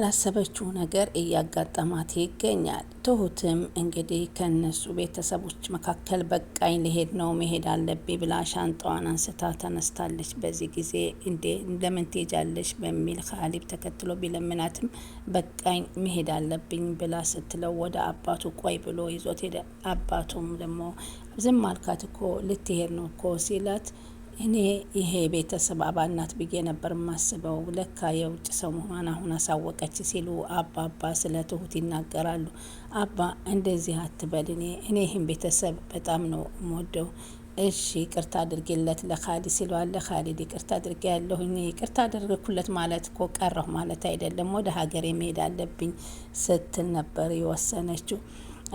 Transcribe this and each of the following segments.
ያላሰበችው ነገር እያጋጠማት ይገኛል። ትሁትም እንግዲህ ከነሱ ቤተሰቦች መካከል በቃኝ ልሄድ ነው መሄድ አለብኝ ብላ ሻንጣዋን አንስታ ተነስታለች። በዚህ ጊዜ እንዴ ለምን ትሄጃለሽ በሚል ካሊብ ተከትሎ ቢለምናትም በቃኝ መሄድ አለብኝ ብላ ስትለው ወደ አባቱ ቆይ ብሎ ይዞት ሄደ። አባቱም ደግሞ ዝም አልካት እኮ ልትሄድ ነው እኮ ሲላት እኔ ይሄ ቤተሰብ አባል ናት ብዬ ነበር የማስበው፣ ለካ የውጭ ሰው መሆኗን አሁን አሳወቀች ሲሉ አባ አባ ስለ ትሁት ይናገራሉ። አባ እንደዚህ አትበል፣ እኔ እኔ ይህን ቤተሰብ በጣም ነው የምወደው። እሺ ይቅርታ አድርጌለት ለካሊድ ሲለዋል። ለካሊድ ይቅርታ አድርጌ ያለሁ ይቅርታ አድርግኩለት ማለት እኮ ቀረሁ ማለት አይደለም፣ ወደ ሀገር የመሄድ አለብኝ ስትል ነበር የወሰነችው።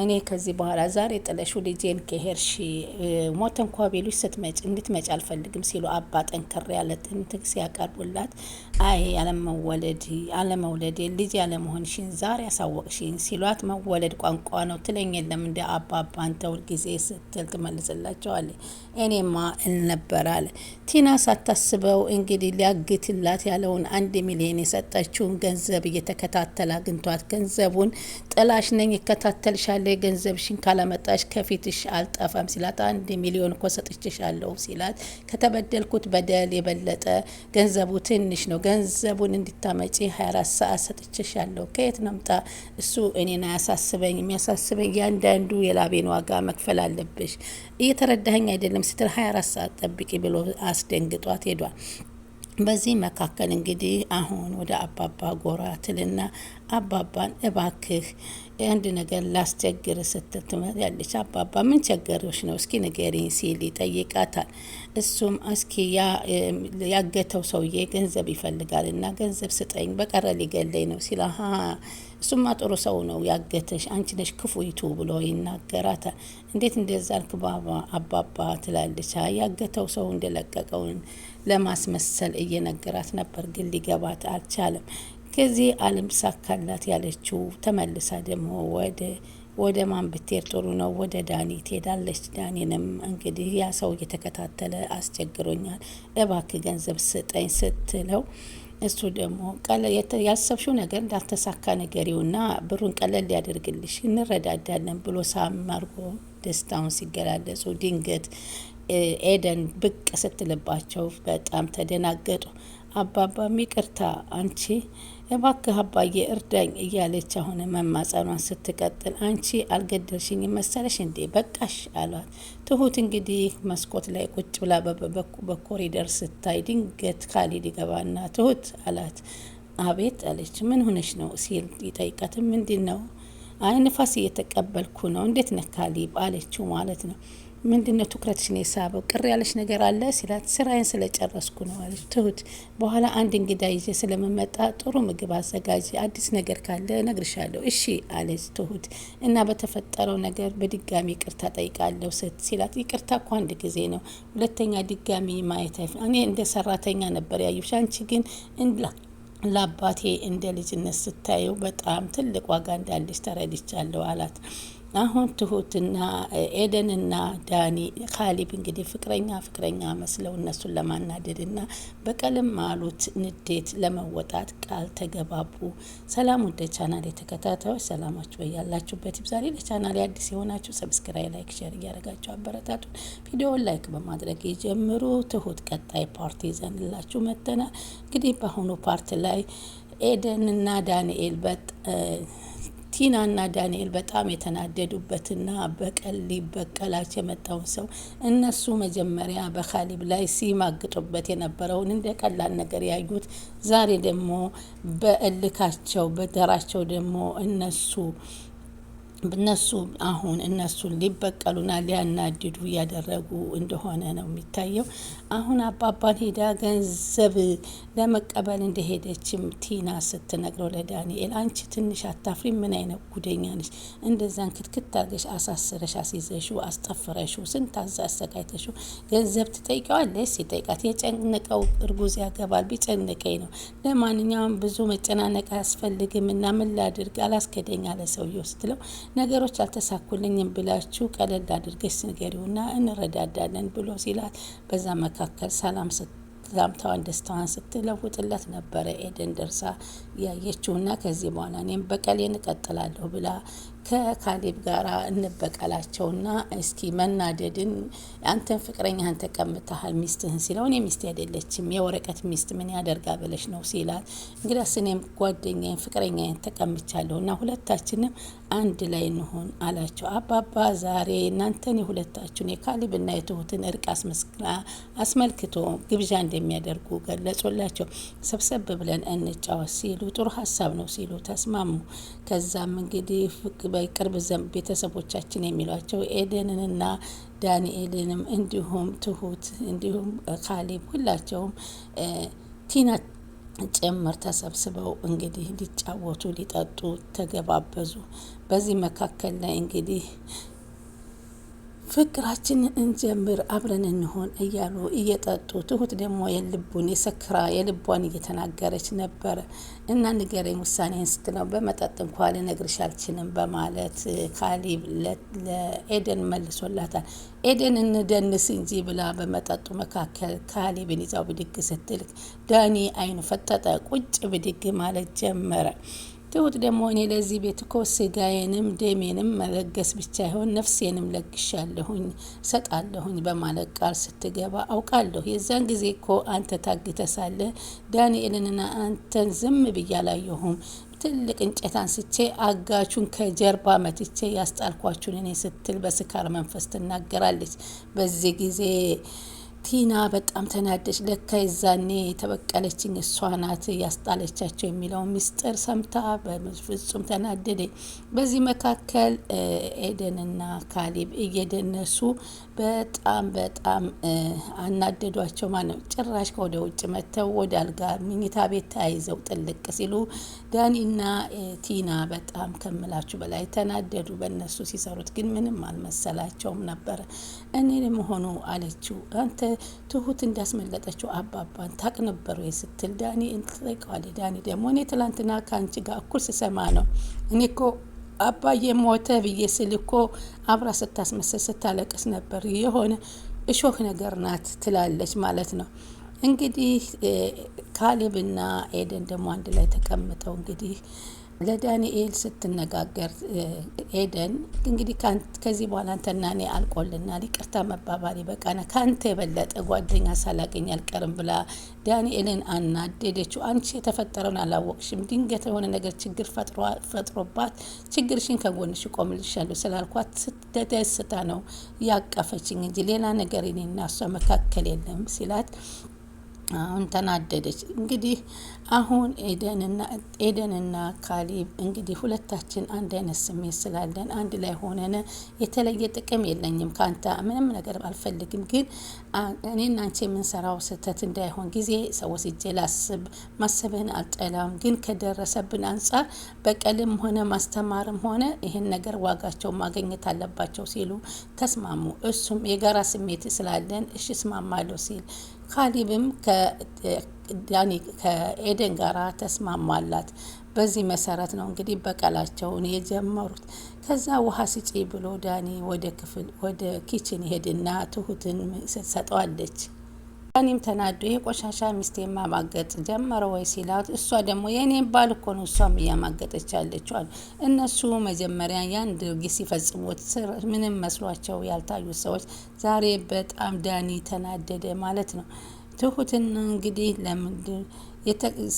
እኔ ከዚህ በኋላ ዛሬ ጥለሹ ልጄን ከሄርሺ ሞት እንኳ ቤሉሽ ስትመጭ እንድትመጭ አልፈልግም ሲሉ አባ ጠንከር ያለ ትንትግ ሲያቀርቡላት፣ አይ አለመወለድ አለመውለድ ልጅ ያለመሆንሽን ዛሬ ያሳወቅሽኝ ሲሏት፣ መወለድ ቋንቋ ነው ትለኝ የለም እንደ አባባ አንተ ሁልጊዜ ስትል ትመልስላቸዋለች። እኔማ እልነበር አለ ቲና ሳታስበው እንግዲህ ሊያግትላት ያለውን አንድ ሚሊዮን የሰጠችውን ገንዘብ እየተከታተል አግኝቷት ገንዘቡን ጥላሽ ነኝ ይከታተልሻል ላይ ገንዘብሽን ካላመጣሽ ከፊትሽ አልጠፋም ሲላት፣ አንድ ሚሊዮን እኮ አለው ሲላት፣ ከተበደልኩት በደል የበለጠ ገንዘቡ ትንሽ ነው። ገንዘቡን እንድታመጪ 24 ሰዓት አለው። ከየት ነምጣ? እሱ እኔን አያሳስበኝ። የሚያሳስበኝ እያንዳንዱ የላቤን ዋጋ መክፈል አለብሽ። እየተረዳኸኝ አይደለም ስትል 24 ሰዓት ጠብቂ ብሎ አስደንግጧት ሄዷል። በዚህ መካከል እንግዲህ አሁን ወደ አባባ ጎራ ትልና አባባን እባክህ አንድ ነገር ላስቸግር ስትል ትመጣለች። አባባ ምን ቸገሮች ነው እስኪ ንገሪኝ ሲል ይጠይቃታል። እሱም እስኪ ያገተው ሰውዬ ገንዘብ ይፈልጋል እና ገንዘብ ስጠኝ በቀረ ሊገለኝ ነው ሲል አሀ እሱማ ጥሩ ሰው ነው ያገተሽ አንቺ ነሽ ክፉይቱ ብሎ ይናገራታል። እንዴት እንደዛ አልክ ባባ አባባ ትላለች። ያገተው ሰው እንደለቀቀውን ለማስመሰል እየነገራት ነበር፣ ግን ሊገባት አልቻለም። ከዚህ አለም ሳካላት ያለችው ተመልሳ ደግሞ ወደ ወደ ማን ብትሄድ ጥሩ ነው? ወደ ዳኒ ትሄዳለች። ዳኒንም እንግዲህ ያ ሰው እየተከታተለ አስቸግሮኛል፣ እባክ ገንዘብ ስጠኝ ስትለው እሱ ደግሞ ያሰብሽው ነገር እንዳልተሳካ ነገሪውና ብሩን ቀለል ሊያደርግልሽ እንረዳዳለን ብሎ ሳም አርጎ ደስታውን ሲገላለጹ ድንገት ኤደን ብቅ ስትልባቸው በጣም ተደናገጡ። አባባ ሚቅርታ አንቺ እባክህ አባዬ እርዳኝ እያለች አሁን መማጸኗን ስትቀጥል አንቺ አልገደልሽኝ መሰለሽ እንዴ በቃሽ አሏት። ትሁት እንግዲህ መስኮት ላይ ቁጭ ብላ በኮሪደር ስታይ ድንገት ካሊድ ይገባና ትሁት አላት። አቤት አለች። ምን ሆነሽ ነው ሲል ይጠይቃት። ምንድን ነው? አይ ንፋስ እየተቀበልኩ ነው። እንዴት ነካሊ አለችው ማለት ነው ምንድነው ትኩረትሽን የሳበው? ቅር ያለሽ ነገር አለ ሲላት ስራዬን ስለጨረስኩ ነው አለች ትሁት። በኋላ አንድ እንግዳ ይዤ ስለምመጣ ጥሩ ምግብ አዘጋጅ፣ አዲስ ነገር ካለ እነግርሻለሁ እሺ አለች ትሁት። እና በተፈጠረው ነገር በድጋሚ ይቅርታ ጠይቃለሁ ስት ሲላት ይቅርታ እኮ አንድ ጊዜ ነው፣ ሁለተኛ ድጋሚ ማየት እኔ እንደ ሰራተኛ ነበር ያየሁሽ፣ አንቺ ግን እንላ ለአባቴ እንደ ልጅነት ስታየው በጣም ትልቅ ዋጋ እንዳለች ተረድቻለሁ አላት። አሁን ትሁትና ኤደንና ዳኒ ካሊብ እንግዲህ ፍቅረኛ ፍቅረኛ መስለው እነሱን ለማናደድና በቀልም አሉት ንዴት ለመወጣት ቃል ተገባቡ። ሰላም ወደ ቻናል የተከታታዮች ሰላማችሁ በያላችሁበት ይብዛሌ። ለቻናል አዲስ የሆናችሁ ሰብስክራይ፣ ላይክ፣ ሸር እያደረጋችሁ አበረታቱን። ቪዲዮውን ላይክ በማድረግ የጀምሩ። ትሁት ቀጣይ ፓርቲ ይዘንላችሁ መጥተናል። እንግዲህ በአሁኑ ፓርት ላይ ኤደንና ዳንኤል በጥ ቲናና ዳንኤል በጣም የተናደዱበትና በቀል ሊበቀላቸው የመጣውን ሰው እነሱ መጀመሪያ በካሊብ ላይ ሲማግጡበት የነበረውን እንደ ቀላል ነገር ያዩት፣ ዛሬ ደግሞ በእልካቸው በደራቸው ደግሞ እነሱ እነሱ አሁን እነሱን ሊበቀሉና ሊያናድዱ እያደረጉ እንደሆነ ነው የሚታየው። አሁን አባባን ሄዳ ገንዘብ ለመቀበል እንደሄደችም ቲና ስትነግረው ለዳንኤል አንቺ ትንሽ አታፍሪ? ምን አይነት ጉደኛ ነች! እንደዛን ክትክት አርገሽ አሳስረሽ አስይዘሽ አስጠፍረሽው ስንት አዛ አሰቃይተሽው ገንዘብ ትጠይቀዋለች ሲጠይቃት የጨነቀው እርጉዝ ያገባል ቢጨንቀኝ ነው። ለማንኛውም ብዙ መጨናነቅ አያስፈልግም እና ምን ላድርግ አላስከደኛ ለሰውየው ስትለው ነገሮች አልተሳኩልኝም ብላችሁ ቀለል አድርገች ንገሪውና እንረዳዳለን ብሎ ሲላት በዛ መካከል ሰላም ሰላምታዋን ደስታዋን ስትለውጥለት ነበረ ኤደን ደርሳ ያየችውና ከዚህ በኋላ እኔም በቀሌን እቀጥላለሁ ብላ ከካሌብ ጋር እንበቀላቸውና እስኪ መናደድን አንተን ፍቅረኛህን ተቀምተሃል ሚስትህን ሲለው እኔ ሚስት አይደለችም የወረቀት ሚስት ምን ያደርጋ ብለሽ ነው ሲላል፣ እንግዲያስ እኔም ጓደኛዬን ፍቅረኛዬን ተቀምቻለሁ እና ሁለታችንም አንድ ላይ እንሆን አላቸው። አባባ ዛሬ እናንተን የሁለታችሁን የካሌብና የትሁትን እርቅ አስመልክቶ ግብዣ እንደሚያደርጉ ገለጹላቸው። ሰብሰብ ብለን እንጫወት ሲሉ ጥሩ ሀሳብ ነው ሲሉ ተስማሙ። ከዛም እንግዲህ በቅርብ ዘም ቤተሰቦቻችን የሚሏቸው ኤደንንና ዳንኤልንም እንዲሁም ትሁት እንዲሁም ካሌብ ሁላቸውም ቲና ጭምር ተሰብስበው እንግዲህ ሊጫወቱ ሊጠጡ ተገባበዙ። በዚህ መካከል ላይ እንግዲህ ፍቅራችን እንጀምር አብረን እንሆን እያሉ እየጠጡ ትሁት ደግሞ የልቡን የሰክራ የልቧን እየተናገረች ነበረ እና ንገረኝ ውሳኔህን ስትለው በመጠጥ እንኳ ልነግርሽ አልችልም በማለት ካሊብ ለኤደን መልሶላታል። ኤደን እንደንስ እንጂ ብላ በመጠጡ መካከል ካሊብን ይዛው ብድግ ስትል ዳኒ አይኑ ፈጠጠ። ቁጭ ብድግ ማለት ጀመረ። ትሁት ደግሞ እኔ ለዚህ ቤት እኮ ስጋዬንም ደሜንም መለገስ ብቻ ይሆን ነፍሴንም ለግሻለሁኝ ሰጣለሁኝ በማለት ቃል ስትገባ አውቃለሁ። የዛን ጊዜ እኮ አንተ ታግተ ሳለ ዳንኤልንና አንተን ዝም ብያላየሁም ትልቅ እንጨት አንስቼ አጋቹን ከጀርባ መትቼ ያስጣልኳችሁን እኔ ስትል በስካር መንፈስ ትናገራለች። በዚህ ጊዜ ቲና በጣም ተናደች። ለካ የዛኔ የተበቀለችኝ እሷ ናት ያስጣለቻቸው የሚለው ሚስጥር ሰምታ በፍጹም ተናደደ። በዚህ መካከል ኤደንና ካሊብ እየደነሱ በጣም በጣም አናደዷቸው ማለት ነው። ጭራሽ ከወደ ውጭ መጥተው ወደ አልጋ ምኝታ ቤት ተያይዘው ጥልቅ ሲሉ ዳኒና ቲና በጣም ከምላችሁ በላይ ተናደዱ። በእነሱ ሲሰሩት ግን ምንም አልመሰላቸውም ነበር። እኔ መሆኑ አለችው አንተ ትሁት እንዳስመለጠችው አባባን ታቅ ነበር ወይ ስትል ዳኒ ትጠይቀዋለች። ዳኒ ደግሞ እኔ ትላንትና ከአንቺ ጋር እኩል ስሰማ ነው እኔ እኮ አባዬ ሞተ ብዬ ስል እኮ አብራ ስታስመሰል ስታለቅስ ነበር የሆነ እሾህ ነገር ናት ትላለች ማለት ነው። እንግዲህ ካሌብና ኤደን ደግሞ አንድ ላይ ተቀምጠው እንግዲህ ለዳንኤል ስትነጋገር ኤደን እንግዲህ ከዚህ በኋላ አንተና እኔ አልቆልናል፣ ይቅርታ መባባል ይበቃና ከአንተ የበለጠ ጓደኛ ሳላገኝ አልቀርም ብላ ዳንኤልን አናደደችው። አንቺ የተፈጠረውን አላወቅሽም፣ ድንገት የሆነ ነገር ችግር ፈጥሮባት ችግርሽን ከጎንሽ ቆምልሻለሁ ስላልኳት ስትደስታ ነው ያቀፈችኝ እንጂ ሌላ ነገር እኔና እሷ መካከል የለም ሲላት አሁን ተናደደች እንግዲህ አሁን ኤደንና ካሊብ እንግዲህ ሁለታችን አንድ አይነት ስሜት ስላለን አንድ ላይ ሆነን የተለየ ጥቅም የለኝም ከአንተ ምንም ነገር አልፈልግም፣ ግን እኔና አንቺ የምንሰራው ስህተት እንዳይሆን ጊዜ ሰው ስጄ ላስብ። ማሰብህን አልጠላም፣ ግን ከደረሰብን አንጻር በቀልም ሆነ ማስተማርም ሆነ ይህን ነገር ዋጋቸው ማግኘት አለባቸው ሲሉ ተስማሙ። እሱም የጋራ ስሜት ስላለን እሺ እስማማለሁ ሲል ካሊብም ዳኒ ከኤደን ጋር ተስማማላት። በዚህ መሰረት ነው እንግዲህ በቀላቸውን የጀመሩት። ከዛ ውሃ ስጪ ብሎ ዳኒ ወደ ክፍል ወደ ኪችን ሄድና ትሁትን ሰጠዋለች። ዳኒም ተናዶ የቆሻሻ ሚስቴ ማማገጥ ጀመረ ወይ ሲላት፣ እሷ ደግሞ የእኔም ባል እኮ ነው እሷም እያማገጠች ያለችዋል። እነሱ መጀመሪያ ያን ድርጊት ሲፈጽሙት ስር ምንም መስሏቸው ያልታዩት ሰዎች ዛሬ በጣም ዳኒ ተናደደ ማለት ነው። ትሁትን እንግዲህ ለምንድን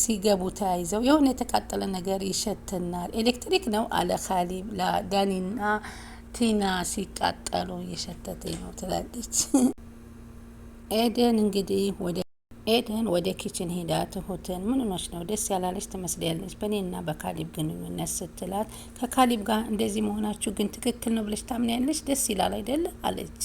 ሲገቡ ተያይዘው የሆነ የተቃጠለ ነገር ይሸትናል። ኤሌክትሪክ ነው አለ ካሊብ ዳኒና ቲና ሲቃጠሉ እየሸተት ነው ትላለች። ኤደን እንግዲህ ወደ ኤደን ወደ ኪችን ሄዳ ትሁትን ምንኖች ነው ደስ ያላለች ትመስላለች በእኔና በካሊብ ግንኙነት ስትላት ከካሊብ ጋር እንደዚህ መሆናችሁ ግን ትክክል ነው ብለች ታምናያለች ደስ ይላል አይደለ አለች።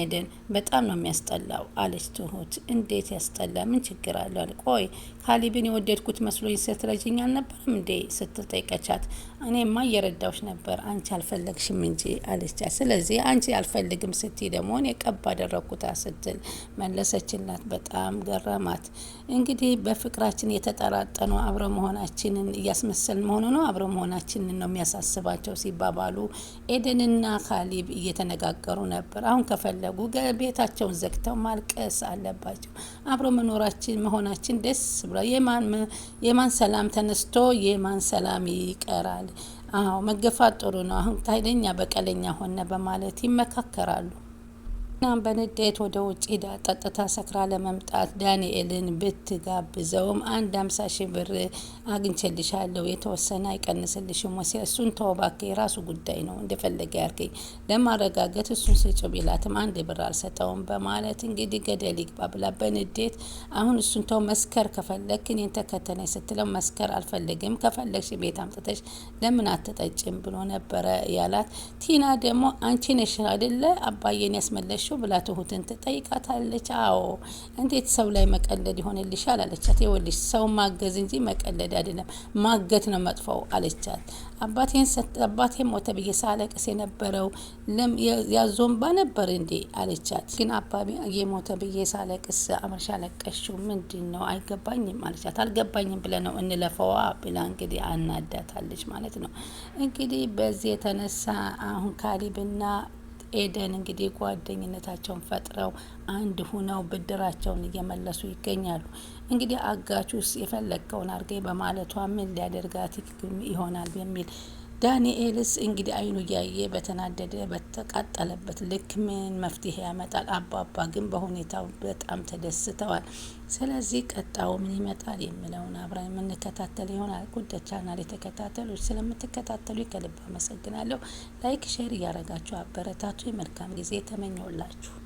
ኤደን በጣም ነው የሚያስጠላው አለች ትሁት። እንዴት ያስጠላ? ምን ችግር አለን? ቆይ ካሊብን የወደድኩት መስሎኝ ስትረጅኝ አልነበርም እንዴ ስትጠይቀቻት፣ እኔማ እየረዳዎች ነበር አንቺ አልፈለግሽም እንጂ አለቻት። ስለዚህ አንቺ አልፈልግም ስቲ ደግሞ እኔ ቀብ አደረግኩታ ስትል መለሰችላት። በጣም ገረማት። እንግዲህ በፍቅራችን የተጠራጠኑ አብረ መሆናችንን እያስመሰል መሆኑ ነው አብረ መሆናችንን ነው የሚያሳስባቸው ሲባባሉ ኤደንና ካሊብ እየተነጋገሩ ነበር። አሁን ከፈለ ከፈለጉ ቤታቸውን ዘግተው ማልቀስ አለባቸው። አብሮ መኖራችን መሆናችን ደስ ብሎ የማን ሰላም ተነስቶ የማን ሰላም ይቀራል? አዎ መገፋት ጥሩ ነው። አሁን ኃይለኛ በቀለኛ ሆነ በማለት ይመካከራሉ። እናም በንዴት ወደ ውጭ ጠጥታ ሰክራ ለመምጣት ዳንኤልን ብትጋብዘውም አንድ አምሳ ሺ ብር አግኝቼልሻለሁ የተወሰነ አይቀንስልሽም ወሲያ እሱን ተወባክ የራሱ ጉዳይ ነው እንደፈለገ ያርገኝ ለማረጋገጥ እሱን ስጭ ቢላትም አንድ ብር አልሰጠውም በማለት እንግዲህ ገደል ይግባ ብላ በንዴት አሁን እሱን ተው መስከር ከፈለግ እኔን ተከተለኝ ስትለው መስከር አልፈለግም ከፈለግሽ ቤት አምጥተሽ ለምን አትጠጭም ብሎ ነበረ ያላት ቲና ደግሞ አንቺ ነሽ አይደለ አባዬን ያስመለሽ የምትቀልጂው ብላ ትሁትን ትጠይቃታለች። አዎ እንዴት ሰው ላይ መቀለድ ይሆንልሻል አለቻት። ይኸውልሽ ሰው ማገዝ እንጂ መቀለድ አይደለም፣ ማገት ነው መጥፎው አለቻት። አባቴን አባቴ ሞተ ብዬ ሳለቅስ የነበረው ያዞንባ ነበር እንዴ አለቻት። ግን አባቢ የሞተ ብዬ ሳለቅስ አመሻ ለቀሽው ምንድን ነው አይገባኝም አለቻት። አልገባኝም ብለ ነው እንለፈዋ ብላ እንግዲህ አናዳታለች ማለት ነው። እንግዲህ በዚህ የተነሳ አሁን ካሊብና ኤደን እንግዲህ ጓደኝነታቸውን ፈጥረው አንድ ሁነው ብድራቸውን እየመለሱ ይገኛሉ። እንግዲህ አጋቹስ የፈለግከውን አድርገኝ በማለቷ ምን ሊያደርጋት ይሆናል የሚል ዳንኤልስ እንግዲህ አይኑ እያየ በተናደደ በተቃጠለበት ልክ ምን መፍትሄ ያመጣል? አባባ ግን በሁኔታው በጣም ተደስተዋል። ስለዚህ ቀጣው ምን ይመጣል የሚለውን አብረን የምንከታተል ይሆናል። ጉደ ቻናል የተከታተሎች ስለምትከታተሉ ከልብ አመሰግናለሁ። ላይክ፣ ሼር እያረጋችሁ አበረታቱ። የመልካም ጊዜ ተመኘውላችሁ።